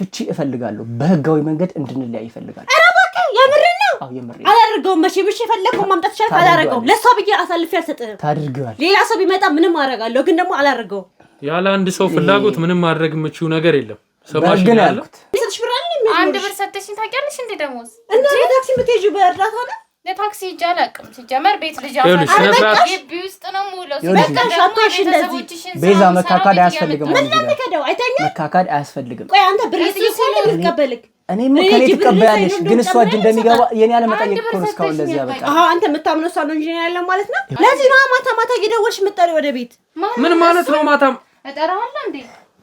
ፍቺ እፈልጋለሁ። በህጋዊ መንገድ እንድንለያይ ይፈልጋል። አላደርገውም። መቼ ብሽ የፈለግከው ማምጣት ይችላል። አላደርገውም። ለእሷ ብዬ አሳልፌ አልሰጥህም። ታደርገዋል። ሌላ ሰው ቢመጣ ምንም አደርጋለሁ፣ ግን ደግሞ አላደርገውም። ያለ አንድ ሰው ፍላጎት ምንም ማድረግ የምችው ነገር የለም። ሰማሽ? ያልኩት አንድ ብር ሰጠሽኝ ታውቂያለሽ እንዴ? ደሞዝ እና ታክሲ የምትሄጂው በእርዳታ ነው ለታክሲ ሂጅ አላውቅም። ሲጀመር ቤት ልጅ ውስጥ ነው የምውለው። ቤዛ መካካድ አያስፈልግም፣ መካካድ አያስፈልግም። እኔ ምን ከኔ ትቀበያለሽ? ግን እሷ እጅ እንደሚገባ የኔ ያለ መጠየቅ እኮ ነው እስካሁን ለዚህ ያበቃ። አንተ የምታምነው እሷ ነው እንጂ ያለ ማለት ነው። ለዚህ ነው ማታ ማታ እየደወልሽ የምትጠሪው ወደ ቤት። ምን ማለት ነው እንዴ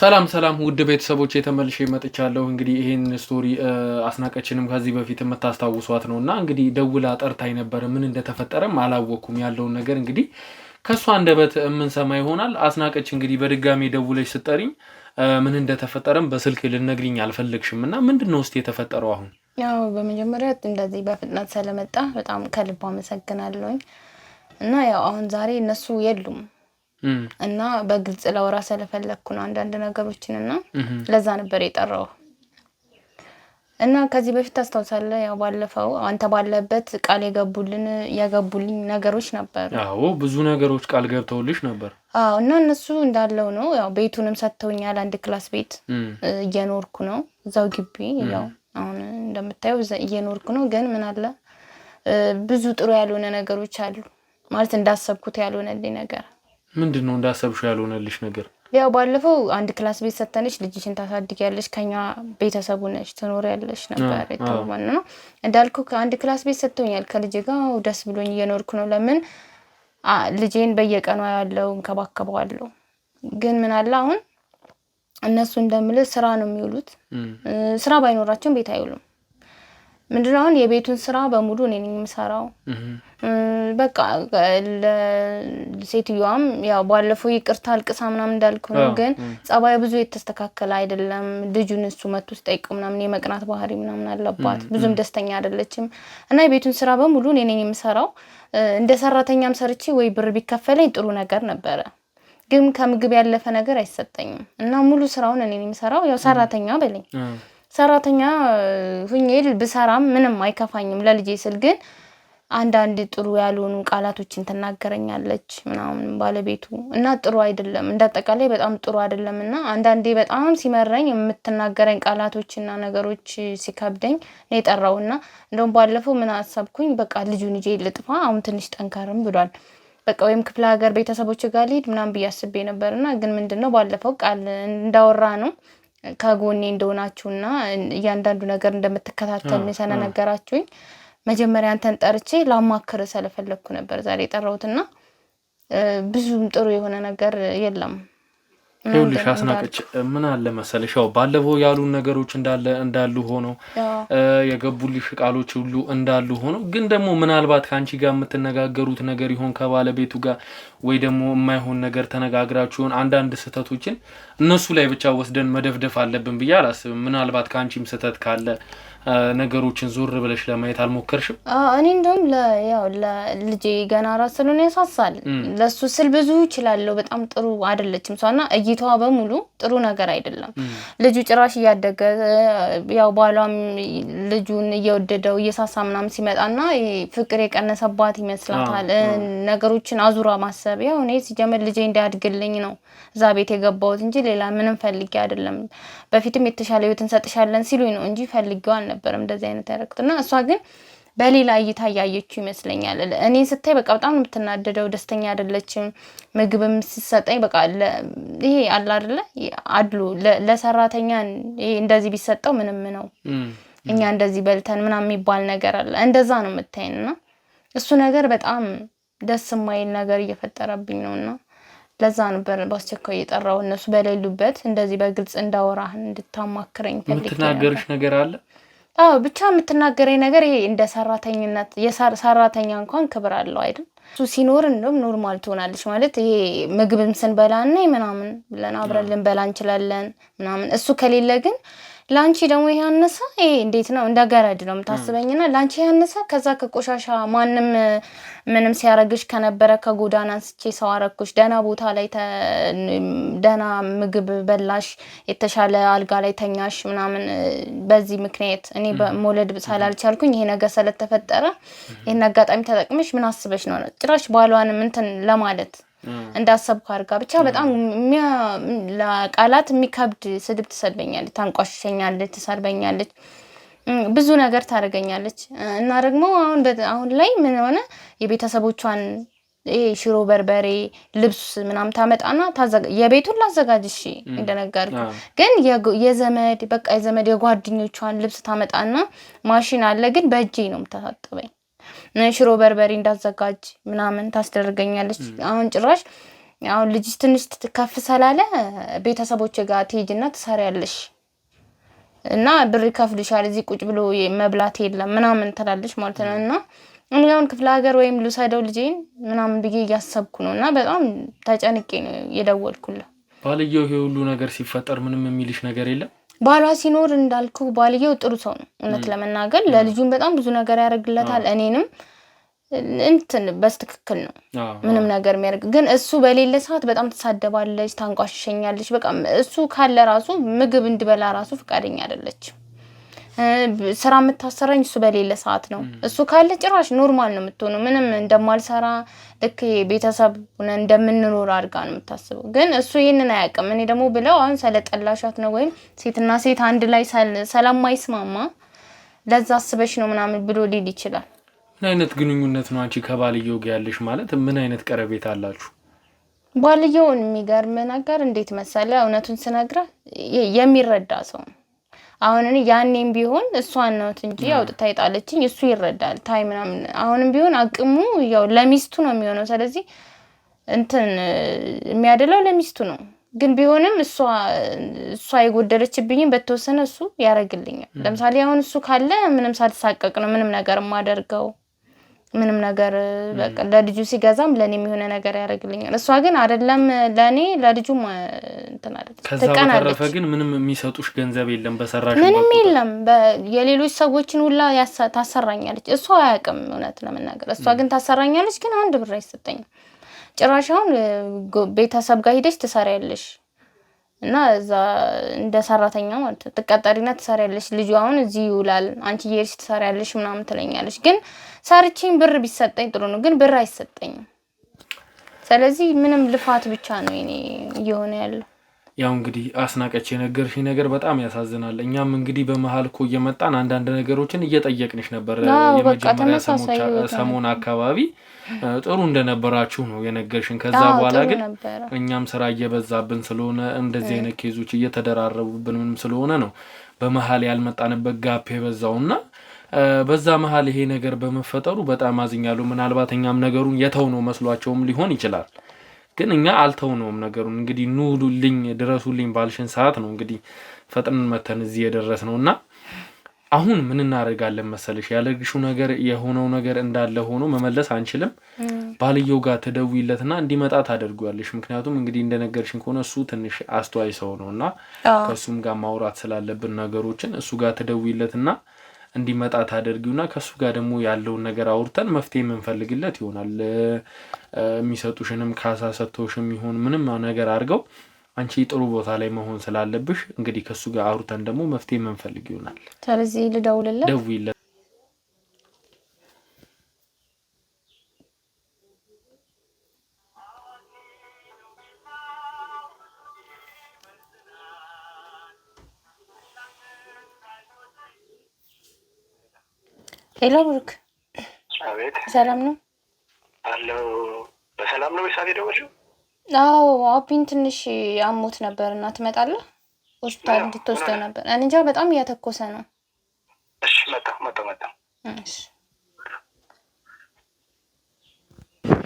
ሰላም ሰላም ውድ ቤተሰቦች የተመልሼ መጥቻለሁ። እንግዲህ ይሄን ስቶሪ አስናቀችንም ከዚህ በፊት የምታስታውሷት ነው እና እንግዲህ ደውላ ጠርታኝ ነበረ። ምን እንደተፈጠረም አላወቅኩም። ያለውን ነገር እንግዲህ ከእሷ አንደበት የምንሰማ ይሆናል። አስናቀች እንግዲህ በድጋሚ ደውለች ስጠሪኝ ምን እንደተፈጠረም በስልክ ልነግሪኝ አልፈለግሽም እና ምንድን ነው ውስጥ የተፈጠረው? አሁን ያው በመጀመሪያ እንደዚህ በፍጥነት ስለመጣ በጣም ከልብ አመሰግናለሁኝ እና ያው አሁን ዛሬ እነሱ የሉም እና በግልጽ ለወራ ስለፈለግኩ ነው አንዳንድ ነገሮችን እና ለዛ ነበር የጠራው። እና ከዚህ በፊት ታስታውሳለህ፣ ያው ባለፈው አንተ ባለበት ቃል የገቡልን የገቡልኝ ነገሮች ነበር። አዎ ብዙ ነገሮች ቃል ገብተውልሽ ነበር። አዎ እና እነሱ እንዳለው ነው። ያው ቤቱንም ሰጥተውኛል። አንድ ክላስ ቤት እየኖርኩ ነው እዛው ግቢ። ያው አሁን እንደምታየው እየኖርኩ ነው። ግን ምን አለ ብዙ ጥሩ ያልሆነ ነገሮች አሉ ማለት እንዳሰብኩት ያልሆነልኝ ነገር ምንድን ነው እንዳሰብሽው ያልሆነልሽ ነገር? ያው ባለፈው አንድ ክላስ ቤት ሰተንሽ ልጅሽን ታሳድጊያለሽ ከኛ ቤተሰቡ ትኖር ትኖሪያለሽ ነበር የተባባል ነው። እንዳልኩ ከአንድ ክላስ ቤት ሰጥቶኛል። ከልጅ ጋር ደስ ብሎኝ እየኖርኩ ነው። ለምን ልጄን በየቀኗ ያለው እንከባከበዋለሁ። ግን ምን አለ አሁን እነሱ እንደምልህ ስራ ነው የሚውሉት። ስራ ባይኖራቸውም ቤት አይውሉም። ምንድነው አሁን የቤቱን ስራ በሙሉ እኔ ነኝ የምሰራው። በቃ ሴትዮዋም ያው ባለፈው ይቅርታ አልቅሳ ምናምን እንዳልኩ ነው፣ ግን ጸባዩ ብዙ የተስተካከለ አይደለም። ልጁን እሱ መቶ ስጠይቀው ምናምን የመቅናት ባህሪ ምናምን አለባት። ብዙም ደስተኛ አይደለችም እና የቤቱን ስራ በሙሉ እኔ ነኝ የምሰራው። እንደ ሰራተኛም ሰርቼ ወይ ብር ቢከፈለኝ ጥሩ ነገር ነበረ፣ ግን ከምግብ ያለፈ ነገር አይሰጠኝም እና ሙሉ ስራውን እኔ ነኝ የምሰራው። ያው ሰራተኛ በለኝ ሰራተኛ ሁኜ ብሰራም ምንም አይከፋኝም ለልጄ ስል ግን አንዳንድ ጥሩ ያልሆኑ ቃላቶችን ትናገረኛለች ምናምን ባለቤቱ እና ጥሩ አይደለም፣ እንዳጠቃላይ በጣም ጥሩ አይደለም እና አንዳንዴ በጣም ሲመረኝ የምትናገረኝ ቃላቶችና ነገሮች ሲከብደኝ ነው የጠራው እና እንደውም ባለፈው ምን አሰብኩኝ፣ በቃ ልጁን ይዤ ልጥፋ፣ አሁን ትንሽ ጠንከርም ብሏል፣ በቃ ወይም ክፍለ ሀገር ቤተሰቦች ጋር ልሂድ ምናምን ብዬ አስቤ ነበር እና ግን ምንድን ነው ባለፈው ቃል እንዳወራ ነው ከጎኔ እንደሆናችሁና እያንዳንዱ ነገር ሰነ ነገራችሁኝ። መጀመሪያ አንተን ጠርቼ ላማክር ስለፈለግኩ ነበር ዛሬ የጠራሁትና ብዙም ጥሩ የሆነ ነገር የለም። ይኸውልሽ አስናቀች ምን አለ መሰለሽ፣ ያው ባለፈው ያሉን ነገሮች እንዳለ እንዳሉ ሆነው የገቡልሽ ቃሎች ሁሉ እንዳሉ ሆኖ ግን ደግሞ ምናልባት ከአንቺ ጋር የምትነጋገሩት ነገር ይሆን ከባለቤቱ ጋር ወይ ደግሞ የማይሆን ነገር ተነጋግራችሁ ይሆን? አንዳንድ ስህተቶችን እነሱ ላይ ብቻ ወስደን መደፍደፍ አለብን ብዬ አላስብም። ምናልባት ከአንቺም ስህተት ካለ ነገሮችን ዞር ብለሽ ለማየት አልሞከርሽም? እኔ እንደውም ያው ልጄ ገና ራስ ስለሆነ ያሳሳል። ለሱ ስል ብዙ ይችላለሁ። በጣም ጥሩ አይደለችም እሷና እይታዋ በሙሉ ጥሩ ነገር አይደለም። ልጁ ጭራሽ እያደገ ያው ባሏም ልጁን እየወደደው እየሳሳ ምናምን ሲመጣና ፍቅር የቀነሰባት ይመስላታል። ነገሮችን አዙራ ማሰብ ያው እኔ ሲጀመር ልጄ እንዳያድግልኝ ነው እዛ ቤት የገባሁት እንጂ ሌላ ምንም ፈልጌ አይደለም። በፊትም የተሻለ ህይወት እንሰጥሻለን ሲሉኝ ነው እንጂ ፈልጌዋል አልነበረም እንደዚህ አይነት ያደረኩት እና እሷ ግን በሌላ እይታ እያየችው ይመስለኛል። እኔ ስታይ በቃ በጣም የምትናደደው። ደስተኛ አይደለችም። ምግብም ሲሰጠኝ በቃ ይሄ አለ አይደለ አድሎ ለሰራተኛ ይሄ እንደዚህ ቢሰጠው ምንም ነው እኛ እንደዚህ በልተን ምናምን የሚባል ነገር አለ። እንደዛ ነው የምታይን እና እሱ ነገር በጣም ደስ የማይል ነገር እየፈጠረብኝ ነው እና ለዛ ነበር በአስቸኳይ እየጠራው እነሱ በሌሉበት እንደዚህ በግልጽ እንዳወራህ እንድታማክረኝ ፈልጌ ነበር። የምትናገርሽ ነገር አለ አዎ ብቻ የምትናገረኝ ነገር ይሄ እንደ ሰራተኝነት የሰራተኛ እንኳን ክብር አለው አይደል? እሱ ሲኖር እንደም ኖርማል ትሆናለች ማለት ይሄ ምግብም ስንበላ እና ምናምን ብለን አብረን ልንበላ እንችላለን ምናምን። እሱ ከሌለ ግን ለአንቺ ደግሞ ያነሰ ይሄ እንዴት ነው እንደ ገረድ ነው የምታስበኝና ለአንቺ ያነሰ ከዛ ከቆሻሻ ማንም ምንም ሲያረግሽ ከነበረ ከጎዳና አንስቼ ሰው አረግኩሽ፣ ደህና ቦታ ላይ ደህና ምግብ በላሽ፣ የተሻለ አልጋ ላይ ተኛሽ ምናምን። በዚህ ምክንያት እኔ መውለድ ሳላልቻልኩኝ ይሄ ነገር ስለተፈጠረ ይህን አጋጣሚ ተጠቅመሽ ምን አስበሽ ነው ጭራሽ ባሏንም እንትን ለማለት እንዳሰብኩ አድርጋ ብቻ በጣም ለቃላት የሚከብድ ስድብ ትሰድበኛለች፣ ታንቋሸኛለች ትሰርበኛለች፣ ብዙ ነገር ታደርገኛለች። እና ደግሞ አሁን አሁን ላይ ምን ሆነ የቤተሰቦቿን ይሄ ሽሮ በርበሬ ልብስ ምናምን ታመጣና የቤቱን ላዘጋጅ እንደነገርኩ ግን የዘመድ በቃ የዘመድ የጓደኞቿን ልብስ ታመጣና ማሽን አለ ግን በእጄ ነው የምታሳጥበኝ ሽሮ በርበሬ እንዳዘጋጅ ምናምን ታስደርገኛለች። አሁን ጭራሽ አሁን ልጅ ትንሽ ከፍ ስላለ ቤተሰቦች ጋር ትሄጂና ትሰሪያለሽ እና ብር ይከፍልሻል። እዚህ ቁጭ ብሎ መብላት የለም ምናምን ትላለች ማለት ነው። እና እኔ አሁን ክፍለ ሀገር ወይም ልውሰደው ልጄን ምናምን ብዬ እያሰብኩ ነው። እና በጣም ተጨንቄ ነው የደወልኩላ። ባልየው ይሄ ሁሉ ነገር ሲፈጠር ምንም የሚልሽ ነገር የለም ባሏ ሲኖር እንዳልኩ ባልየው ጥሩ ሰው ነው። እውነት ለመናገር ለልጁም በጣም ብዙ ነገር ያደርግለታል። እኔንም እንትን በስትክክል ነው ምንም ነገር የሚያደርግ ግን እሱ በሌለ ሰዓት በጣም ትሳደባለች፣ ታንቋሽሸኛለች። በቃ እሱ ካለ ራሱ ምግብ እንድበላ ራሱ ፈቃደኛ አይደለችም። ስራ የምታሰራኝ እሱ በሌለ ሰዓት ነው። እሱ ካለ ጭራሽ ኖርማል ነው የምትሆነ ምንም እንደማልሰራ ልክ ቤተሰብ ሆነ እንደምንኖር አድርጋ ነው የምታስበው። ግን እሱ ይህንን አያውቅም። እኔ ደግሞ ብለው አሁን ስለጠላሻት ነው ወይም ሴትና ሴት አንድ ላይ ስለማይስማማ ለዛ አስበሽ ነው ምናምን ብሎ ሊል ይችላል። ምን አይነት ግንኙነት ነው አንቺ ከባልየው ጋር ያለሽ? ማለት ምን አይነት ቀረቤት አላችሁ? ባልየውን የሚገርም ነገር እንዴት መሰለ፣ እውነቱን ስነግራ የሚረዳ ሰው ነው አሁን እኔ ያኔም ቢሆን እሷን ናት እንጂ አውጥታ የጣለችኝ እሱ ይረዳል። ታይ ምናምን አሁንም ቢሆን አቅሙ ያው ለሚስቱ ነው የሚሆነው። ስለዚህ እንትን የሚያደላው ለሚስቱ ነው። ግን ቢሆንም እሷ እሷ የጎደለችብኝም በተወሰነ እሱ ያደርግልኛል። ለምሳሌ አሁን እሱ ካለ ምንም ሳልሳቀቅ ነው ምንም ነገር የማደርገው። ምንም ነገር በቃ ለልጁ ሲገዛም ለእኔ የሚሆነ ነገር ያደርግልኛል። እሷ ግን አይደለም ለእኔ ለልጁም ትቀናለች። ግን ምንም የሚሰጡሽ ገንዘብ የለም፣ በሰራሽ ምንም የለም። የሌሎች ሰዎችን ሁላ ታሰራኛለች። እሷ አያውቅም፣ እውነት ለመናገር እሷ ግን ታሰራኛለች። ግን አንድ ብር አይሰጠኝም ጭራሽ። አሁን ቤተሰብ ጋር ሂደች ትሰሪያለሽ እና እዛ እንደ ሰራተኛ ማለት ትቀጠሪና ትሰሪያለሽ። ልጁ አሁን እዚህ ይውላል፣ አንቺ እየሄድሽ ትሰሪያለሽ ምናምን ትለኛለሽ። ግን ሰርቼን ብር ቢሰጠኝ ጥሩ ነው፣ ግን ብር አይሰጠኝም። ስለዚህ ምንም ልፋት ብቻ ነው እኔ እየሆነ ያለው። ያው እንግዲህ አስናቀች የነገርሽኝ ነገር በጣም ያሳዝናል። እኛም እንግዲህ በመሀል እኮ እየመጣን አንዳንድ ነገሮችን እየጠየቅንሽ ነበር። የመጀመሪያ ሰሞን አካባቢ ጥሩ እንደነበራችሁ ነው የነገርሽን። ከዛ በኋላ ግን እኛም ስራ እየበዛብን ስለሆነ እንደዚህ አይነት ኬዞች እየተደራረቡብን ምንም ስለሆነ ነው በመሀል ያልመጣንበት ጋፕ የበዛውና በዛ መሀል ይሄ ነገር በመፈጠሩ በጣም አዝኛሉ። ምናልባት እኛም ነገሩን የተው ነው መስሏቸውም ሊሆን ይችላል ግን እኛ አልተውነውም ነገሩን። እንግዲህ ኑሉልኝ ድረሱልኝ ባልሽን ሰዓት ነው እንግዲህ ፈጥነን መተን እዚህ የደረስ ነው እና አሁን ምን እናደርጋለን መሰለሽ፣ ያለግሹ ነገር የሆነው ነገር እንዳለ ሆኖ መመለስ አንችልም። ባልየው ጋር ትደውይለትና እንዲመጣ ታደርጓለሽ። ምክንያቱም እንግዲህ እንደነገርሽን ከሆነ እሱ ትንሽ አስተዋይ ሰው ነው እና ከእሱም ጋር ማውራት ስላለብን ነገሮችን እሱ ጋር ትደውይለትና እንዲመጣ ታደርጊውና ከእሱ ጋር ደግሞ ያለውን ነገር አውርተን መፍትሄ የምንፈልግለት ይሆናል። የሚሰጡሽንም ካሳ ሰጥተውሽም ይሆን ምንም ነገር አድርገው አንቺ ጥሩ ቦታ ላይ መሆን ስላለብሽ እንግዲህ ከእሱ ጋር አውርተን ደግሞ መፍትሄ የምንፈልግ ይሆናል። ስለዚህ ልደውልለት፣ ደውይለት። ሄሎ ብሩክ፣ ሰላም ነው አለው። በሰላም ነው ሳት የደወልሽው? አዎ አቢን ትንሽ አሞት ነበር እና ትመጣለህ? ሆስፒታል እንድትወስደው ነበር። እንጃ በጣም እያተኮሰ ነው። እሺ መጣሁ መጣሁ መጣሁ።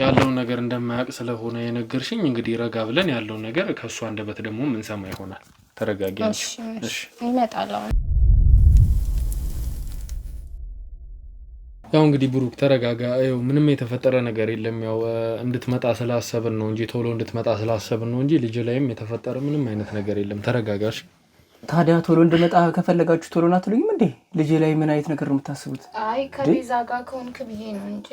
ያለውን ነገር እንደማያውቅ ስለሆነ የነገርሽኝ፣ እንግዲህ ረጋ ብለን ያለውን ነገር ከእሱ አንደበት ደግሞ ምንሰማ ይሆናል። ተረጋጊ። ይመጣል አሁን ያው እንግዲህ ብሩክ ተረጋጋ። ያው ምንም የተፈጠረ ነገር የለም። ያው እንድትመጣ ስላሰብን ነው እንጂ ቶሎ እንድትመጣ ስላሰብን ነው እንጂ ልጅ ላይም የተፈጠረ ምንም አይነት ነገር የለም። ተረጋጋሽ። ታዲያ ቶሎ እንድመጣ ከፈለጋችሁ ቶሎ ና ትሉኝም እንዴ? ልጅ ላይ ምን አይነት ነገር ነው የምታስቡት? አይ ከቤዛ ጋር ከሆንክ ብዬ ነው እንጂ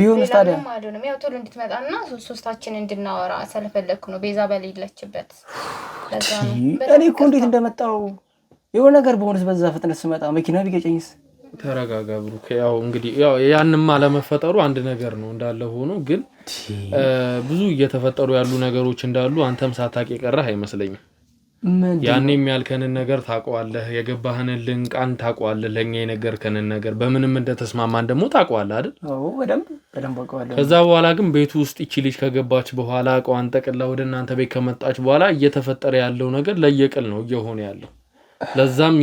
ቢሆንስ ታዲያ አይደለም። ያው ቶሎ እንድትመጣ እና ሶስታችን እንድናወራ ስለፈለግኩ ነው። ቤዛ በሌለችበት እኔ እኮ እንዴት እንደመጣው የሆነ ነገር በሆንስ በዛ ፍጥነት ስመጣ መኪና ቢገጨኝስ ተረጋጋ ብሩክ። ያው እንግዲህ ያው ያንማ ለመፈጠሩ አንድ ነገር ነው እንዳለ ሆኖ ግን ብዙ እየተፈጠሩ ያሉ ነገሮች እንዳሉ አንተም ሳታውቅ የቀረህ አይመስለኝም። ያኔ ያልከንን ነገር ታውቀዋለህ፣ የገባህንን ልንቃን ታውቀዋለህ፣ ለእኛ የነገርከንን ነገር በምንም እንደተስማማን ደግሞ ታውቀዋለህ አይደል? ከዛ በኋላ ግን ቤቱ ውስጥ ይቺ ልጅ ከገባች በኋላ እቃዋን ጠቅላ ወደ እናንተ ቤት ከመጣች በኋላ እየተፈጠረ ያለው ነገር ለየቅል ነው እየሆነ ያለው ለዛም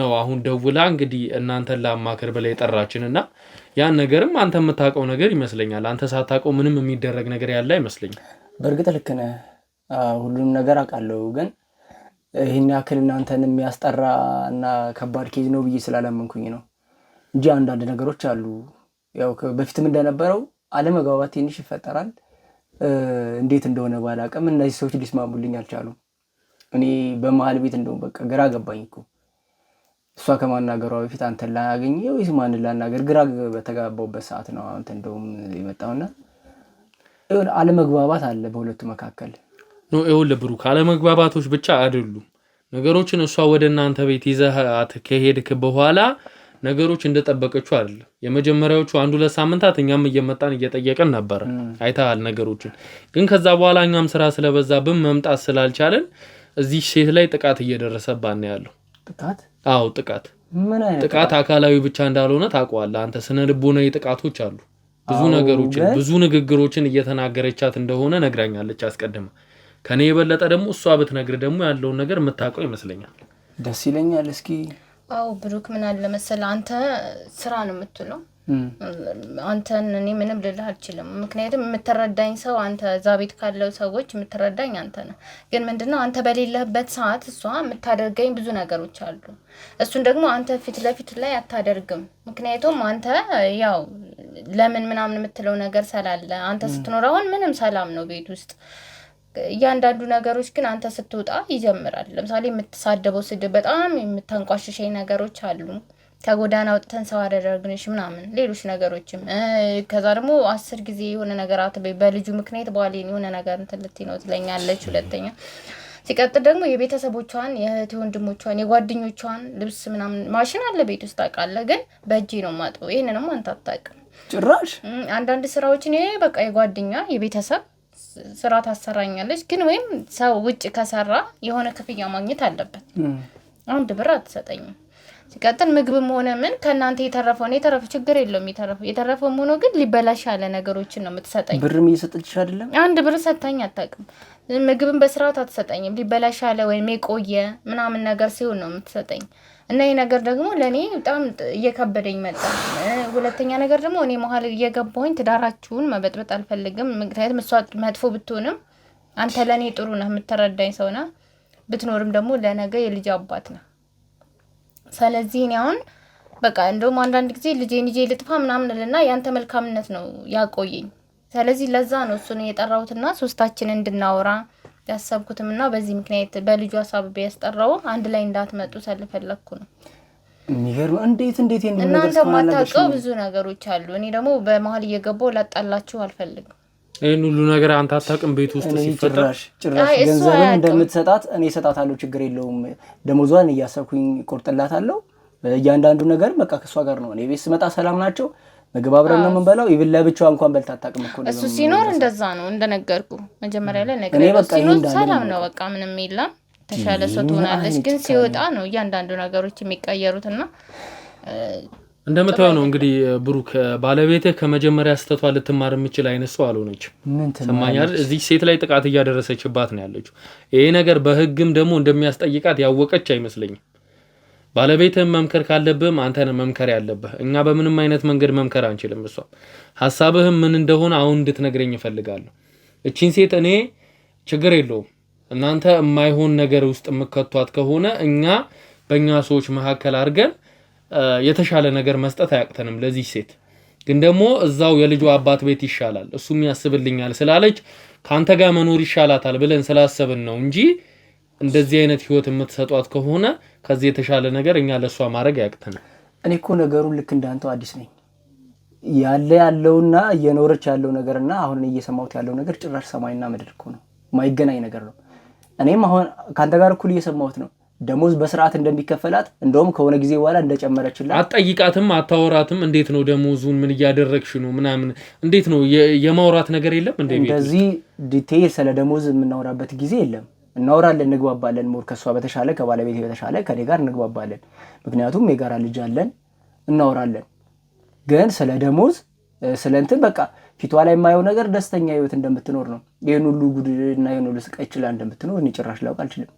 ነው አሁን ደውላ እንግዲህ እናንተን ለአማክር ብላ የጠራችን እና ያን ነገርም አንተ የምታውቀው ነገር ይመስለኛል። አንተ ሳታውቀው ምንም የሚደረግ ነገር ያለ አይመስለኝም። በእርግጥ ልክ ነህ፣ ሁሉንም ነገር አውቃለሁ። ግን ይህን ያክል እናንተን የሚያስጠራ እና ከባድ ኬዝ ነው ብዬ ስላላመንኩኝ ነው እንጂ አንዳንድ ነገሮች አሉ። ያው በፊትም እንደነበረው አለመግባባት ትንሽ ይፈጠራል። እንዴት እንደሆነ ባላውቅም እነዚህ ሰዎች ሊስማሙልኝ አልቻሉም። እኔ በመሀል ቤት እንደውም በቃ ግራ ገባኝ እኮ እሷ ከማናገሯ በፊት አንተን ላገኘ ወይስ ማንን ላናገር ግራ በተጋባውበት ሰዓት ነው አንተ እንደውም የመጣውና አለመግባባት አለ በሁለቱ መካከል። ይኸውልህ ብሩክ አለመግባባቶች ብቻ አይደሉም ነገሮችን እሷ ወደ እናንተ ቤት ይዘሃት ከሄድክ በኋላ ነገሮች እንደጠበቀችው አይደለም። የመጀመሪያዎቹ አንዱ ለሳምንታት ሳምንታት እኛም እየመጣን እየጠየቀን ነበረ፣ አይተሃል ነገሮችን። ግን ከዛ በኋላ እኛም ስራ ስለበዛብን መምጣት ስላልቻለን እዚህ ሴት ላይ ጥቃት እየደረሰባት ነው ያለው። ጥቃት? አዎ ጥቃት። ጥቃት አካላዊ ብቻ እንዳልሆነ ታውቀዋለህ አንተ። ስነ ልቦናዊ ጥቃቶች አሉ። ብዙ ነገሮችን ብዙ ንግግሮችን እየተናገረቻት እንደሆነ ነግራኛለች አስቀድማ። ከኔ የበለጠ ደግሞ እሷ ብትነግር ደግሞ ያለውን ነገር የምታውቀው ይመስለኛል። ደስ ይለኛል። እስኪ አዎ ብሩክ ምን አለ መሰለህ አንተ ስራ ነው የምትለው አንተን እኔ ምንም ልልህ አልችልም። ምክንያቱም የምትረዳኝ ሰው አንተ እዛ ቤት ካለው ሰዎች የምትረዳኝ አንተ ነው። ግን ምንድነው አንተ በሌለህበት ሰዓት እሷ የምታደርገኝ ብዙ ነገሮች አሉ። እሱን ደግሞ አንተ ፊት ለፊት ላይ አታደርግም። ምክንያቱም አንተ ያው ለምን ምናምን የምትለው ነገር ስላለ አንተ ስትኖር አሁን ምንም ሰላም ነው ቤት ውስጥ እያንዳንዱ ነገሮች ግን አንተ ስትወጣ ይጀምራል። ለምሳሌ የምትሳደበው ስድብ፣ በጣም የምታንቋሽሸኝ ነገሮች አሉ ከጎዳና ወጥተን ሰው አደረግንሽ ምናምን ሌሎች ነገሮችም ከዛ ደግሞ አስር ጊዜ የሆነ ነገር አትበይ፣ በልጁ ምክንያት ባሌን የሆነ ነገር እንትን ልትይነው ትለኛለች። ሁለተኛ ሲቀጥል ደግሞ የቤተሰቦቿን የእህት ወንድሞቿን የጓደኞቿን ልብስ ምናምን ማሽን አለ ቤት ውስጥ አውቃለሁ፣ ግን በእጄ ነው የማጥበው። ይህንንም አንተ አታውቅም ጭራሽ። አንዳንድ ስራዎችን በቃ የጓደኛ የቤተሰብ ስራ ታሰራኛለች፣ ግን ወይም ሰው ውጭ ከሰራ የሆነ ክፍያ ማግኘት አለበት። አንድ ብር አትሰጠኝም ሲቀጥል ምግብም ሆነ ምን ከእናንተ የተረፈው ነው ችግር የለውም የተረፈው የተረፈውም ሆኖ ግን ሊበላሽ ያለ ነገሮችን ነው የምትሰጠኝ። ብርም እየሰጠችሽ አይደለም? አንድ ብር ሰጥታኝ አታውቅም። ምግብም በስርዓት አትሰጠኝም። ሊበላሽ ያለ ወይም የቆየ ምናምን ነገር ሲሆን ነው የምትሰጠኝ። እና ይህ ነገር ደግሞ ለእኔ በጣም እየከበደኝ መጣ። ሁለተኛ ነገር ደግሞ እኔ መሀል እየገባሁኝ ትዳራችሁን መበጥበጥ አልፈልግም። ምክንያቱም እሷ መጥፎ ብትሆንም አንተ ለእኔ ጥሩ ነህ፣ የምትረዳኝ ሰው ነህ። ብትኖርም ደግሞ ለነገ የልጅ አባት ነህ። ስለዚህ እኔ አሁን በቃ እንደውም አንዳንድ ጊዜ ልጄን ይዤ ልጥፋ ምናምን ልና ያንተ መልካምነት ነው ያቆየኝ። ስለዚህ ለዛ ነው እሱን የጠራሁትና ሶስታችን እንድናወራ ያሰብኩትም እና በዚህ ምክንያት በልጁ ሀሳብ ያስጠራው አንድ ላይ እንዳትመጡ ስለፈለግኩ ነው። የሚገርም እንዴት እንዴት እናንተ የማታውቀው ብዙ ነገሮች አሉ። እኔ ደግሞ በመሀል እየገባው ላጣላችሁ አልፈልግም። ይህን ሁሉ ነገር አንተ አታውቅም። ቤት ውስጥ ጭራሽ ጭራሽ ገንዘብም እንደምትሰጣት እኔ እሰጣታለሁ፣ ችግር የለውም ደሞዟን እያሰብኩኝ እቆርጥላታለሁ። እያንዳንዱ ነገር በቃ ከእሷ ጋር ነው። እኔ ቤት ስመጣ ሰላም ናቸው። ምግብ አብረን ነው የምንበላው። ይብን ለብቻዋ እንኳን በልታ አታውቅም እኮ እሱ ሲኖር እንደዛ ነው። እንደነገርኩ መጀመሪያ ላይ ነገር ሲኖር ሰላም ነው፣ በቃ ምንም የለም። ተሻለ ሰው ትሆናለች። ግን ሲወጣ ነው እያንዳንዱ ነገሮች የሚቀየሩት የሚቀየሩትና እንደምታየው ነው እንግዲህ ብሩክ፣ ባለቤትህ ከመጀመሪያ ስህተቷ ልትማር የምችል አይነት ሰው አልሆነችም። ሰማኛ እዚህ ሴት ላይ ጥቃት እያደረሰችባት ነው ያለችው። ይሄ ነገር በህግም ደግሞ እንደሚያስጠይቃት ያወቀች አይመስለኝም። ባለቤትህን መምከር ካለብህም አንተን መምከር ያለብህ። እኛ በምንም አይነት መንገድ መምከር አንችልም። እሷ ሀሳብህም ምን እንደሆነ አሁን እንድትነግረኝ እፈልጋለሁ። እቺን ሴት እኔ ችግር የለውም እናንተ የማይሆን ነገር ውስጥ የምከቷት ከሆነ እኛ በእኛ ሰዎች መካከል አድርገን የተሻለ ነገር መስጠት አያቅተንም ለዚህ ሴት ግን ደግሞ እዛው የልጁ አባት ቤት ይሻላል እሱም ያስብልኛል ስላለች ከአንተ ጋር መኖር ይሻላታል ብለን ስላሰብን ነው እንጂ እንደዚህ አይነት ህይወት የምትሰጧት ከሆነ ከዚህ የተሻለ ነገር እኛ ለእሷ ማድረግ ያቅተናል። እኔ እኮ ነገሩን ልክ እንዳንተው አዲስ ነኝ። ያለ ያለውና እየኖረች ያለው ነገርና አሁን እየሰማሁት ያለው ነገር ጭራሽ ሰማይና ምድር እኮ ነው። የማይገናኝ ነገር ነው። እኔም አሁን ከአንተ ጋር እኩል እየሰማሁት ነው። ደሞዝ በስርዓት እንደሚከፈላት እንደውም ከሆነ ጊዜ በኋላ እንደጨመረችላት አትጠይቃትም፣ አታወራትም። እንዴት ነው ደሞዙን ምን እያደረግሽ ነው ምናምን እንዴት ነው የማውራት ነገር የለም። እንደ እንደዚህ ዲቴይል ስለ ደሞዝ የምናወራበት ጊዜ የለም። እናወራለን፣ እንግባባለን። ሞር ከእሷ በተሻለ ከባለቤት በተሻለ ከኔ ጋር እንግባባለን። ምክንያቱም የጋራ ልጅ አለን፣ እናወራለን። ግን ስለ ደሞዝ ስለ እንትን በቃ ፊቷ ላይ የማየው ነገር ደስተኛ ህይወት እንደምትኖር ነው። ይህን ሁሉ ጉድና ይህን ሁሉ ስቃይ ችላ እንደምትኖር እኔ ጭራሽ ላውቅ አልችልም።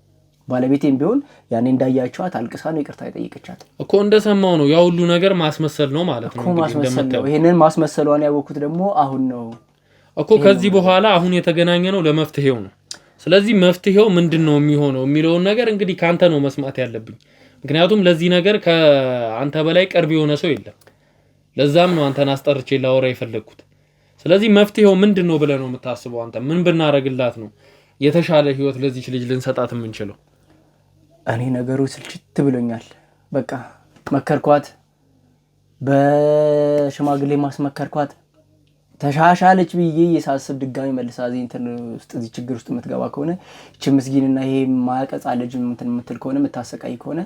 ባለቤቴም ቢሆን ያኔ እንዳያቸዋት አልቅሳ ነው ይቅርታ የጠየቀቻት እኮ እንደሰማው ነው። ያ ሁሉ ነገር ማስመሰል ነው ማለት ነው። ማስመሰል ነው። ይህንን ማስመሰሏን ያወቅኩት ደግሞ አሁን ነው እኮ ከዚህ በኋላ አሁን የተገናኘ ነው ለመፍትሄው ነው። ስለዚህ መፍትሄው ምንድን ነው የሚሆነው የሚለውን ነገር እንግዲህ ከአንተ ነው መስማት ያለብኝ። ምክንያቱም ለዚህ ነገር ከአንተ በላይ ቅርብ የሆነ ሰው የለም። ለዛም ነው አንተን አስጠርቼ ላወራ የፈለግኩት። ስለዚህ መፍትሄው ምንድን ነው ብለህ ነው የምታስበው አንተ? ምን ብናረግላት ነው የተሻለ ህይወት ለዚች ልጅ ልንሰጣት የምንችለው? እኔ ነገሩ ስልችት ብሎኛል። በቃ መከርኳት፣ በሽማግሌ ማስመከርኳት ተሻሻለች ብዬ የሳስብ ድጋሚ መልሳ እዚህ እንትን ውስጥ እዚህ ችግር ውስጥ የምትገባ ከሆነ ይቺ ምስጊንና ይሄ ማያቀጻ ልጅ እንትን የምትል ከሆነ የምታሰቃይ ከሆነ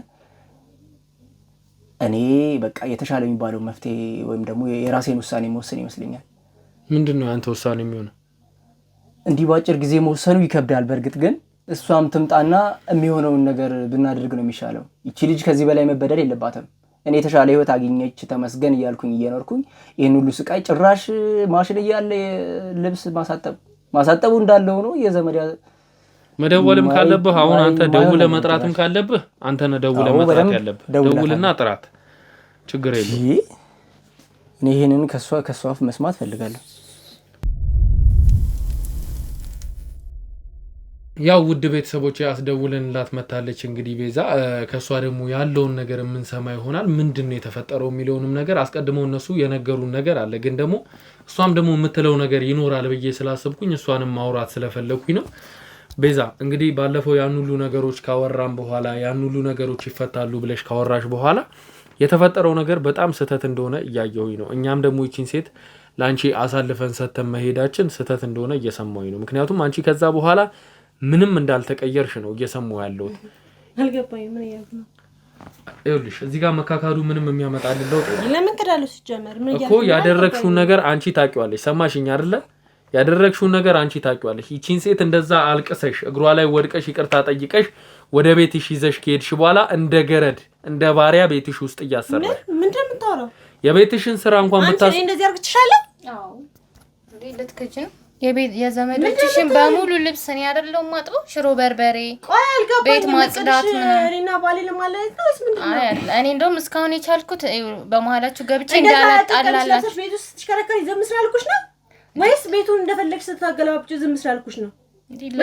እኔ በቃ የተሻለ የሚባለው መፍትሄ ወይም ደግሞ የራሴን ውሳኔ መወሰን ይመስለኛል። ምንድን ነው ያንተ ውሳኔ የሚሆነው? እንዲህ በአጭር ጊዜ መወሰኑ ይከብዳል። በእርግጥ ግን እሷም ትምጣና የሚሆነውን ነገር ብናደርግ ነው የሚሻለው። ይቺ ልጅ ከዚህ በላይ መበደል የለባትም። እኔ የተሻለ ህይወት አገኘች ተመስገን እያልኩኝ እየኖርኩኝ ይህን ሁሉ ስቃይ ጭራሽ ማሽን እያለ ልብስ ማሳጠብ ማሳጠቡ እንዳለ ሆኖ የዘመድ መደወልም ካለብህ አሁን አንተ ደውለህ መጥራትም ካለብህ አንተ ነህ ደውለህ መጥራት ያለብህ። ደውልና ጥራት ችግር የለም። እኔ ይህንን ከእሷ አፍ መስማት ፈልጋለሁ። ያው ውድ ቤተሰቦች አስደውለንላት መታለች። እንግዲህ ቤዛ ከእሷ ደግሞ ያለውን ነገር የምንሰማ ይሆናል። ምንድን ነው የተፈጠረው የሚለውንም ነገር አስቀድመው እነሱ የነገሩን ነገር አለ፣ ግን ደግሞ እሷም ደግሞ የምትለው ነገር ይኖራል ብዬ ስላሰብኩኝ እሷንም ማውራት ስለፈለግኩኝ ነው። ቤዛ እንግዲህ ባለፈው ያን ሁሉ ነገሮች ካወራም በኋላ ያን ሁሉ ነገሮች ይፈታሉ ብለሽ ካወራሽ በኋላ የተፈጠረው ነገር በጣም ስህተት እንደሆነ እያየሁኝ ነው። እኛም ደግሞ ይችን ሴት ለአንቺ አሳልፈን ሰተን መሄዳችን ስህተት እንደሆነ እየሰማሁኝ ነው። ምክንያቱም አንቺ ከዛ በኋላ ምንም እንዳልተቀየርሽ ነው እየሰማሁ ያለሁት። አልገባኝም። ይኸውልሽ እዚህ ጋር መካካዱ ምንም የሚያመጣልን ለውጥ ለምን ክዳለሁ? ሲጀመር እኮ ያደረግሽውን ነገር አንቺ ታውቂዋለሽ። ሰማሽኝ አይደለ? ያደረግሽውን ነገር አንቺ ታውቂዋለሽ። ይቺን ሴት እንደዛ አልቅሰሽ እግሯ ላይ ወድቀሽ ይቅርታ ጠይቀሽ ወደ ቤትሽ ይዘሽ ከሄድሽ በኋላ እንደ ገረድ እንደ ባሪያ ቤትሽ ውስጥ እያሰራሽ ምንድን የምታወራው የቤትሽን ስራ እንኳን ብታስ እንደዚህ አርግችሻለ የቤት የዘመዶችሽን በሙሉ ልብስ እኔ አይደለሁም ማጥበው፣ ሽሮ በርበሬ፣ ቤት ማጽዳት እኔ እንደውም እስካሁን የቻልኩት በመሀላችሁ ገብቼ እንዳላጣላላችሁ ቤት ውስጥ ስትሽከረከሪ ዝም ስላልኩሽ ነው ወይስ ቤቱን እንደፈለግሽ ስታገለባብጪው ዝም ስላልኩሽ ነው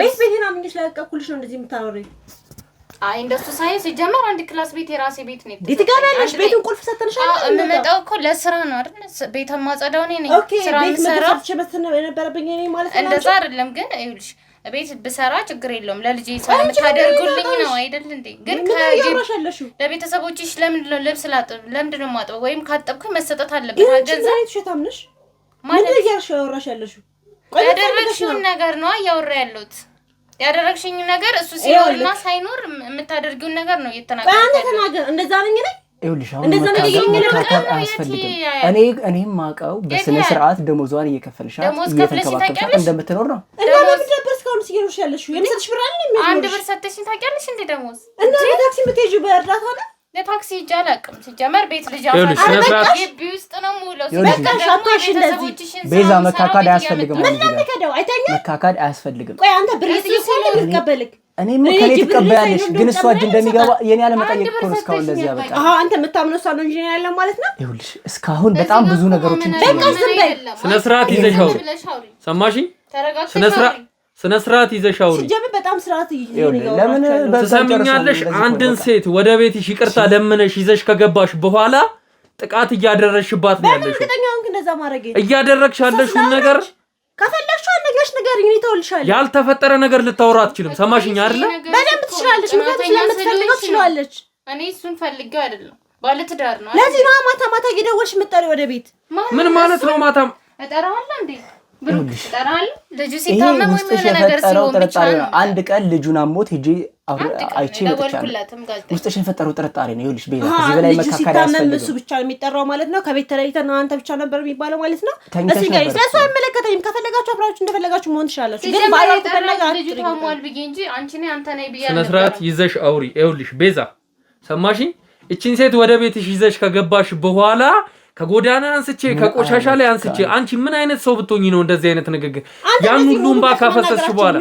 ወይስ ቤቴን አምኜ ስላቀኩልሽ ነው እንደዚህ የምታወሪኝ? አይ እንደሱ ሳይሆን ሲጀመር አንድ ክላስ ቤት የራሴ ቤት ነው። ትገቢያለሽ። ቤቱን ቁልፍ ሰተንሻል። የምመጣው እኮ ለስራ ነው አይደል? ቤት የማጸዳው እኔ ነኝ። ስራ የነበረብኝ እኔ ማለት ነው። እንደዛ አይደለም ግን ይኸውልሽ ቤት ብሰራ ችግር የለውም። ለልጄ ስለምታደርጉልኝ ነው አይደል እንዴ? ግን ለቤተሰቦችሽ ለምንድን ነው ልብስ ላጥብ? ለምንድን ነው የማጥበው? ወይም ካጠብኩኝ መሰጠት አለበት። ምንድን ነው እያወራሽ ያለሽው? ያደረግሽውን ነገር ነው እያወራ ያለሁት ያደረግሽኝ ነገር እሱ ሲሆንና ሳይኖር የምታደርጊውን ነገር ነው እየተናገረ ተናገር። እንደዛ ነኝ ነኝ ይኸውልሽ አሁን እኔም ማውቀው በስነ ስርዓት ደሞዟን እየከፈልሻት እየተንከባከብሻት እንደምትኖር ነው። አንድ ብር ሰተሽኝ ታውቂያለሽ እንዴ? ደሞዝ እና ታክሲ የምትሄጂው በእርዳታ ነው ለታክሲ ሂጅ አላውቅም። ሲጀመር ቤት ልጅ ግቢ ውስጥ ነው የምውለው። ቤዛ መካካድ አያስፈልግም፣ መካካድ አያስፈልግም። እኔ ምን ከኔ ትቀበያለሽ? ግን እሷ እጅ እንደሚገባ የኔ አለመጠየቅ እኮ ነው እስካሁን ለዚህ አሁን አንተ የምታምነው እሷ ነው እንጂ ያለ ማለት ነው። ይኸውልሽ እስካሁን በጣም ብዙ ነገሮችን ስነ ስርዓት ይዘሽ አውሪ። ሰማሽ? ስነ ስርዓት ስነ ስርዓት ይዘሽ አውሪ። በጣም ስርዓት ትሰሚኛለሽ። አንድን ሴት ወደ ቤትሽ ይቅርታ ለምነሽ ይዘሽ ከገባሽ በኋላ ጥቃት እያደረግሽባት ነው ያለሽው። እያደረግሽ ያለሽውን ነገር ከፈለግሽው ነገሽ ነገር ያልተፈጠረ ነገር ልታወራ አትችልም። ሰማሽኝ አይደለ? በደንብ ትችላለች። ምክንያቱም ስለምትፈልገው ትችላለች። እኔ እሱን ፈልጌው አይደለም፣ ባለትዳር ነው። ለዚህ ነው ማታ ማታ እየደወልሽ የምትጠሪው ወደ ቤት። ምን ማለት ነው ማታ እንዴ? የፈጠረው አንድ ቀን ልጁን አሞት ሄጄ አይቼ መጥቻለሁ። ውስጥሽ የፈጠረው ጥርጣሬ ነው። ይኸውልሽ ቤዛ፣ በላይ መካከል እሱ ብቻ የሚጠራው ማለት ነው። ከቤት ነው አንተ ብቻ ነበር የሚባለው ማለት ነው። አይመለከተኝም። ከፈለጋችሁ አብራችሁ እንደፈለጋችሁ መሆን ትችላላችሁ። ግን ስነ ስርዓት ይዘሽ አውሪ። ይኸውልሽ ቤዛ፣ ሰማሽኝ? እችን ሴት ወደ ቤትሽ ይዘሽ ከገባሽ በኋላ ከጎዳና አንስቼ ከቆሻሻ ላይ አንስቼ አንቺ ምን አይነት ሰው ብትሆኚ ነው እንደዚህ አይነት ንግግር? ያን ሁሉ እንባ ካፈሰስሽ በኋላ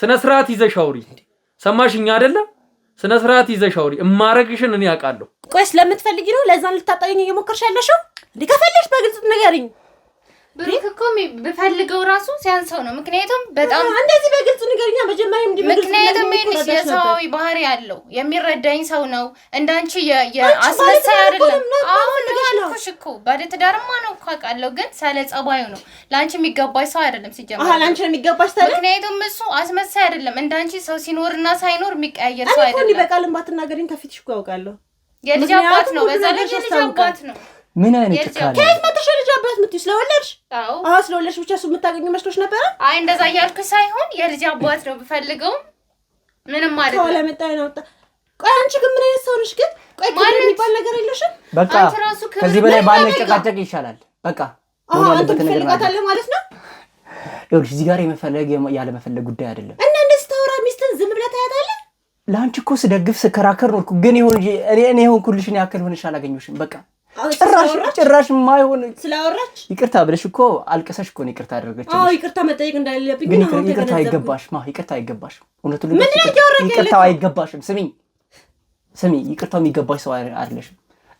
ስነ ስርዓት ይዘሽ አውሪ። ሰማሽኝ አይደለም? ስነ ስርዓት ይዘሽ አውሪ። እማረግሽን እኔ አውቃለሁ። ቆይስ ለምትፈልጊ ነው ለዛን ልታጣኝ እየሞከርሽ ያለሽው? ከፈለሽ በግልጽ ንገሪኝ። ብሩክ እኮ ብፈልገው ራሱ ሲያንሰው ነው። ምክንያቱም በጣም እንደዚህ በግልጽ ንገርኛ መጀመሪያ እንዲ ምክንያቱም ይሄንሽ የሰዋዊ ባህሪ ያለው የሚረዳኝ ሰው ነው። እንዳንቺ የአስመሳይ አይደለም። አሁን አልኩሽ እኮ ባለትዳርማ ነው እኮ አውቃለሁ፣ ግን ስለ ጸባዩ ነው። ለአንቺ የሚገባሽ ሰው አይደለም ሲጀምር፣ አሁን ነው የሚገባሽ ሰው ምክንያቱም እሱ አስመሳይ አይደለም። እንዳንቺ ሰው ሲኖርና ሳይኖር የሚቀያየር ሰው አይደለም። እኔ በቃል ባትናገሪኝ ከፊትሽ እኮ ያውቃለሁ። የልጅ አባት ነው። በዛ ልጅ የልጅ አባት ነው። ምን አይነት ጭካኔ! ከየት መጥሽ ልጅ አባት የምትይው? ስለወለድሽ? አዎ። አዎ፣ ስለወለድሽ ብቻ እሱ የምታገኙ መስሎሽ ነበረ? አይ እንደዛ እያልኩ ሳይሆን የልጅ አባት ነው ብፈልገው ምንም ማለት ነው። ለመጣ ነው። ቆይ አንቺ ግን ምን አይነት ሰው ነሽ ግን? ቆይ ክብር የሚባል ነገር የለሽም። በቃ ከዚህ በላይ ባንጨቃጨቅ ይሻላል። በቃ አዎ፣ አንተ ትፈልጋታለህ ማለት ነው። ይኸውልሽ እዚህ ጋር የመፈለግ ያለመፈለግ ጉዳይ አይደለም። እና እንደዚህ ታወራ ሚስትን ዝም ብለህ ታያታለህ? ለአንቺ እኮ ስደግፍ ስከራከር ኖርኩ፣ ግን ይሁን እኔ እኔ ሆንኩልሽ ያክል ሆነሽ አላገኘሁሽም። በቃ ጭራሽ የማይሆን ስላወራች ይቅርታ ብለሽ እኮ አልቀሰሽ እኮ ነው ይቅርታ አደረገች። ይቅርታ መጠየቅ እንዳለብኝ ግን ይቅርታ አይገባሽም፣ ይቅርታ አይገባሽም። እውነቱን ይቅርታው አይገባሽም። ስሚኝ ስሚ፣ ይቅርታው የሚገባሽ ሰው አይደለሽም።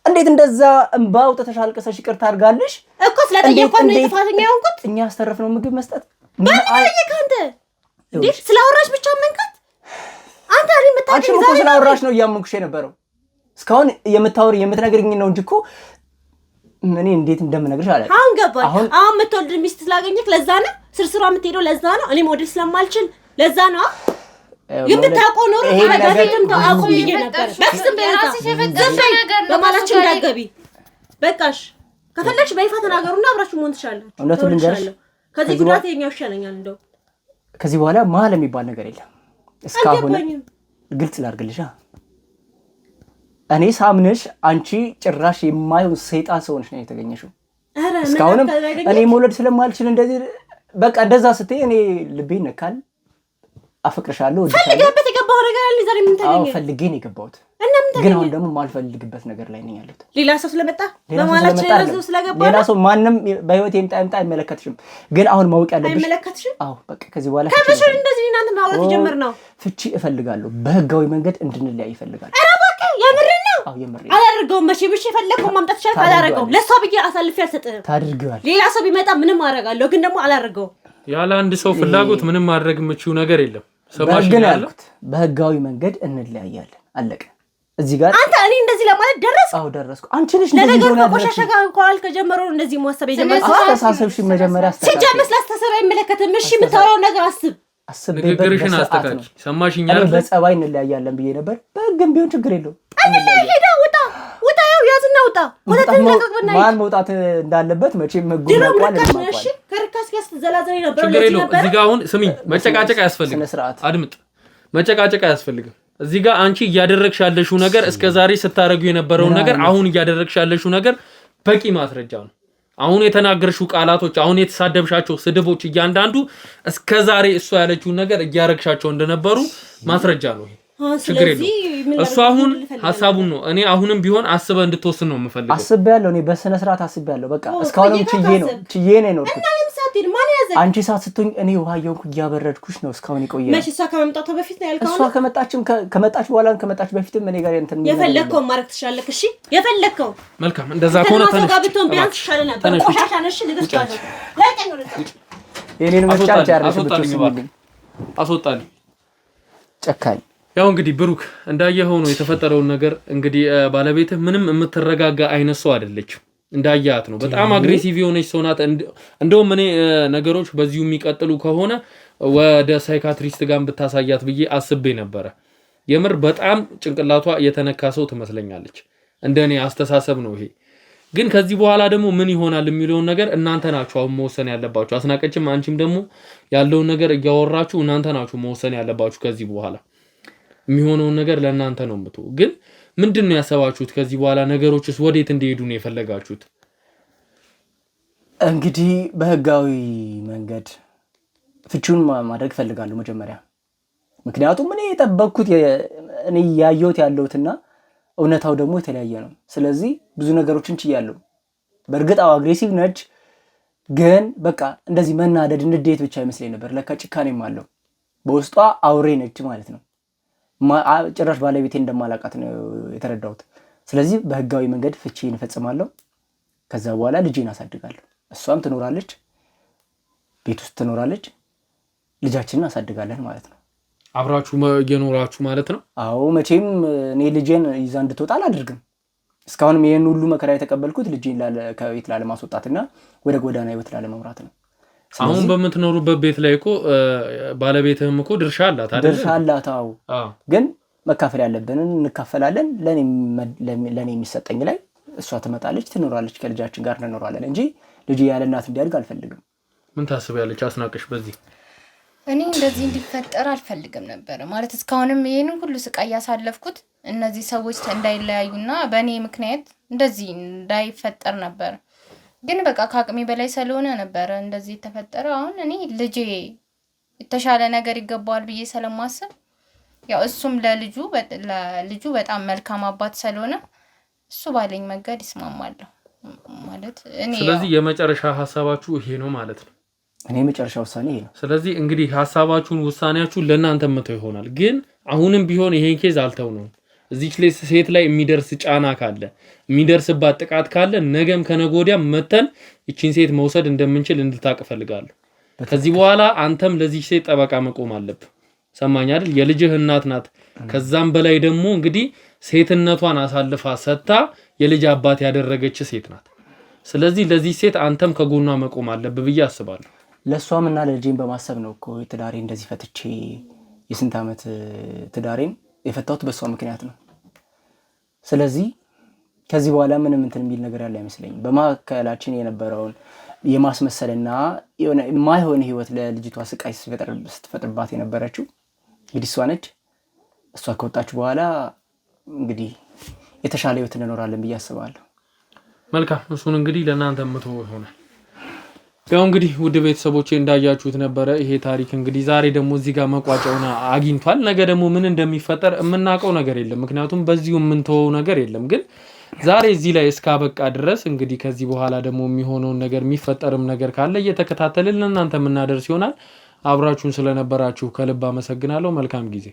እንዴት እንደዛ እንባ አውጥተሽ አልቀሰሽ ይቅርታ አድርጋለሽ እኮ ስለጠየኳት ነው ጥፋተኛ የሆንኩት። እኛ ያስተረፍነው ምግብ መስጠት ባለጠየቅ አንተ ስላወራሽ ብቻ መንካት አንተ ሪ ምታ ስላወራሽ ነው እያመንኩሽ የነበረው እስካሁን የምታወሪ የምትነግርኝ ነው እንጂ እኮ እኔ እንዴት እንደምነግርሽ አለ። አሁን ገባኝ። አሁን የምትወልድ ሚስት ስላገኘክ ለዛ ነው ስርስሯ የምትሄደው ለዛ ነው። እኔ መውደድ ስለማልችል ለዛ ነው የምታውቀው ኖሮ ታጋፊትም ተአቆም ብዬ ነበር። በክስም በማላችን እንዳገቢ በቃሽ። ከፈለግሽ በይፋ ተናገሩና አብራችሁ መሆን ትችላላችሁ። እውነቱን ልንገርሽ፣ ከዚህ ጉዳት የኛው ይሻለኛል። እንደው ከዚህ በኋላ መሀል የሚባል ነገር የለም። እስካሁን ግልጽ ላድርግልሻ እኔ ሳምነሽ አንቺ ጭራሽ የማይሆን ሰይጣን ሰውነሽ ነው የተገኘሽው። እስካሁንም እኔ መውለድ ስለማልችል እንደዚህ በቃ እንደዛ ስትይ እኔ ልቤ ይነካል። አፈቅርሻለሁ። ፈልገህበት የገባኸው ነገር አለ ዛሬ ምን ታገኘ? ፈልጌ ነው የገባሁት፣ ግን አሁን ደግሞ ማልፈልግበት ነገር ላይ ነኝ ያለሁት። ሌላ ሰው ስለመጣ በማላቸው ሌላ ሰው ማንም በህይወት የምጣ የምጣ አይመለከትሽም። ግን አሁን ማወቅ ያለብሽ አይመለከትሽም። አዎ በቃ ከዚህ በኋላ ከመሽ እንደዚህ እናንተ ማውራት የጀመርነው ፍቺ እፈልጋለሁ። በህጋዊ መንገድ እንድንለያይ ይፈልጋል። ኧረ እባክህ የምር አላደርገውም። መቼ ብሽ የፈለግከው ማምጣት ይችላል። አላደርገውም። ለእሷ ብዬ አሳልፌ አልሰጥህም። ሌላ ሰው ቢመጣ ምንም አደርጋለሁ፣ ግን ደግሞ አላደርገውም። ያለ አንድ ሰው ፍላጎት ምንም ማድረግ የምችው ነገር የለም። ሰማሽኝ ያልኩት በህጋዊ መንገድ እንለያያለን። አለቀ። እዚህ ጋር አንተ እኔ እንደዚህ ለማለት ደረስ? አዎ ደረስኩ። አንቺ ነሽ እንደዚህ ነገር ከቆሻሻ ጋር እንኳን እንደዚህ ማሰብ የጀመረ አስተሳሰብሽ መጀመሪያ ሲጀምስ ላስተሰራ አይመለከትም። እሺ የምታወራው ነገር አስብ ንግግርሽን አስተካኪ። ሰማሽኝ? በጸባይ እንለያያለን ብዬ ነበር። በህግም ቢሆን ችግር የለውም። ሄዳ ውጣ ውጣ፣ ያው ያዝና ውጣ። ማን መውጣት እንዳለበት መቼም እዚህ ጋ አሁን ስሚኝ፣ መጨቃጨቅ አያስፈልግም። አድምጥ፣ መጨቃጨቅ አያስፈልግም። እዚህ ጋር አንቺ እያደረግሽ ያለሽው ነገር፣ እስከ ዛሬ ስታደርጊው የነበረውን ነገር፣ አሁን እያደረግሽ ያለሽው ነገር በቂ ማስረጃ ነው። አሁን የተናገርሽው ቃላቶች አሁን የተሳደብሻቸው ስድቦች እያንዳንዱ እስከ ዛሬ እሷ ያለችውን ነገር እያረግሻቸው እንደነበሩ ማስረጃ ነው። ችግር የለውም። እሱ አሁን ሀሳቡን ነው። እኔ አሁንም ቢሆን አስበ እንድትወስን ነው የምፈልገው። አስቤያለሁ፣ እኔ በስነ ስርዓት አስቤያለሁ። በቃ እስካሁንም ችዬ ነው ችዬ ነው የኖርኩት አትሄድም። ማን ያዘ? አንቺ ሰዓት ስትሆኝ እኔ ውሃ እየሆንኩ እያበረድኩሽ ነው እስካሁን የቆየ መች። እሷ ከመምጣቷ በፊት ነው ያልከው። እሷ ከመጣችም ከመጣች በኋላ ከመጣች በፊትም እኔ ጋር እንትን የፈለግከው ማድረግ ትችላለህ። እሺ የፈለግከው መልካም። እንደዛ ከሆነ ተነሽ፣ ብትሆን ቢያንስ ይሻለ ነበር። ቆሻሻ ነሽ። ልገስቷለሁ። የኔን መስጫ አንቺ አስወጣልኝ ጨካኝ ያው እንግዲህ ብሩክ እንዳየኸው ነው የተፈጠረውን ነገር። እንግዲህ ባለቤትህ ምንም የምትረጋጋ አይነት ሰው አይደለችም። እንዳያት ነው። በጣም አግሬሲቭ የሆነች ሰው ናት። እንደውም እኔ ነገሮች በዚሁ የሚቀጥሉ ከሆነ ወደ ሳይካትሪስት ጋር ብታሳያት ብዬ አስቤ ነበረ። የምር በጣም ጭንቅላቷ የተነካ ሰው ትመስለኛለች። እንደ እኔ አስተሳሰብ ነው ይሄ። ግን ከዚህ በኋላ ደግሞ ምን ይሆናል የሚለውን ነገር እናንተ ናችሁ አሁን መወሰን ያለባችሁ። አስናቀችም አንቺም ደግሞ ያለውን ነገር እያወራችሁ እናንተ ናችሁ መወሰን ያለባችሁ። ከዚህ በኋላ የሚሆነውን ነገር ለእናንተ ነው ምትው ግን ምንድን ነው ያሰባችሁት? ከዚህ በኋላ ነገሮችስ ወዴት እንዲሄዱ ነው የፈለጋችሁት? እንግዲህ በህጋዊ መንገድ ፍቹን ማድረግ እፈልጋለሁ መጀመሪያ። ምክንያቱም እኔ የጠበቅኩት እኔ ያየሁት ያለሁትና እውነታው ደግሞ የተለያየ ነው። ስለዚህ ብዙ ነገሮችን ችያለሁ። በእርግጣው አግሬሲቭ ነች፣ ግን በቃ እንደዚህ መናደድ፣ ንዴት ብቻ ይመስለኝ ነበር። ለካ ጭካኔም አለው በውስጧ አውሬ ነች ማለት ነው። ጭራሽ ባለቤቴ እንደማላቃት ነው የተረዳሁት። ስለዚህ በህጋዊ መንገድ ፍቺ እንፈጽማለሁ። ከዛ በኋላ ልጄን አሳድጋለሁ። እሷም ትኖራለች፣ ቤት ውስጥ ትኖራለች። ልጃችንን አሳድጋለን ማለት ነው። አብራችሁ የኖራችሁ ማለት ነው። አዎ መቼም እኔ ልጄን ይዛ እንድትወጣ አላደርግም። እስካሁንም ይህን ሁሉ መከራ የተቀበልኩት ልጄን ከቤት ላለማስወጣትና ወደ ጎዳና ህይወት ላለመምራት ነው። አሁን በምትኖሩበት ቤት ላይ እኮ ባለቤትህም እኮ ድርሻ አላት ድርሻ አላት። አዎ ግን መካፈል ያለብንን እንካፈላለን። ለእኔ የሚሰጠኝ ላይ እሷ ትመጣለች፣ ትኖራለች፣ ከልጃችን ጋር እንኖራለን እንጂ ልጅ ያለ እናት እንዲያድግ አልፈልግም። ምን ታስቢያለች አስናቀሽ? በዚህ እኔ እንደዚህ እንዲፈጠር አልፈልግም ነበር ማለት እስካሁንም ይህንን ሁሉ ስቃይ ያሳለፍኩት እነዚህ ሰዎች እንዳይለያዩና በእኔ ምክንያት እንደዚህ እንዳይፈጠር ነበር ግን በቃ ከአቅሜ በላይ ስለሆነ ነበረ እንደዚህ የተፈጠረ። አሁን እኔ ልጄ የተሻለ ነገር ይገባዋል ብዬ ስለማስብ ያው እሱም ለልጁ ለልጁ በጣም መልካም አባት ስለሆነ እሱ ባለኝ መንገድ ይስማማለሁ ማለት እኔ። ስለዚህ የመጨረሻ ሀሳባችሁ ይሄ ነው ማለት ነው? እኔ የመጨረሻ ውሳኔ ይሄ ነው። ስለዚህ እንግዲህ ሀሳባችሁን ውሳኔያችሁን ለእናንተ መተው ይሆናል። ግን አሁንም ቢሆን ይሄን ኬዝ አልተው ነው እዚች ላይ ሴት ላይ የሚደርስ ጫና ካለ የሚደርስባት ጥቃት ካለ ነገም ከነጎዲያ መተን ይችን ሴት መውሰድ እንደምንችል እንድታቅ እፈልጋለሁ። ከዚህ በኋላ አንተም ለዚች ሴት ጠበቃ መቆም አለብ። ሰማኝ አይደል? የልጅህ እናት ናት። ከዛም በላይ ደግሞ እንግዲህ ሴትነቷን አሳልፋ ሰጥታ የልጅ አባት ያደረገች ሴት ናት። ስለዚህ ለዚህ ሴት አንተም ከጎኗ መቆም አለብ ብዬ አስባለሁ። ለእሷም እና ለልጄም በማሰብ ነው እኮ ትዳሬ እንደዚህ ፈትቼ የስንት ዓመት ትዳሬን የፈታሁት በእሷ ምክንያት ነው። ስለዚህ ከዚህ በኋላ ምንም እንትን የሚል ነገር ያለ አይመስለኝም። በመካከላችን የነበረውን የማስመሰልና የማይሆን ህይወት ለልጅቷ ስቃይ ስትፈጥርባት የነበረችው እንግዲህ እሷ ነች። እሷ ከወጣች በኋላ እንግዲህ የተሻለ ህይወት እንኖራለን ብዬ አስባለሁ። መልካም፣ እሱን እንግዲህ ለእናንተ ምቶ ይሆናል። ያው እንግዲህ ውድ ቤተሰቦች እንዳያችሁት ነበረ ይሄ ታሪክ እንግዲህ ዛሬ ደግሞ እዚህ ጋር መቋጫውን አግኝቷል። ነገ ደግሞ ምን እንደሚፈጠር የምናውቀው ነገር የለም፣ ምክንያቱም በዚሁ የምንተወው ነገር የለም። ግን ዛሬ እዚህ ላይ እስካበቃ ድረስ እንግዲህ ከዚህ በኋላ ደግሞ የሚሆነውን ነገር የሚፈጠርም ነገር ካለ እየተከታተልን ለእናንተ የምናደርስ ይሆናል። አብራችሁን ስለነበራችሁ ከልብ አመሰግናለሁ። መልካም ጊዜ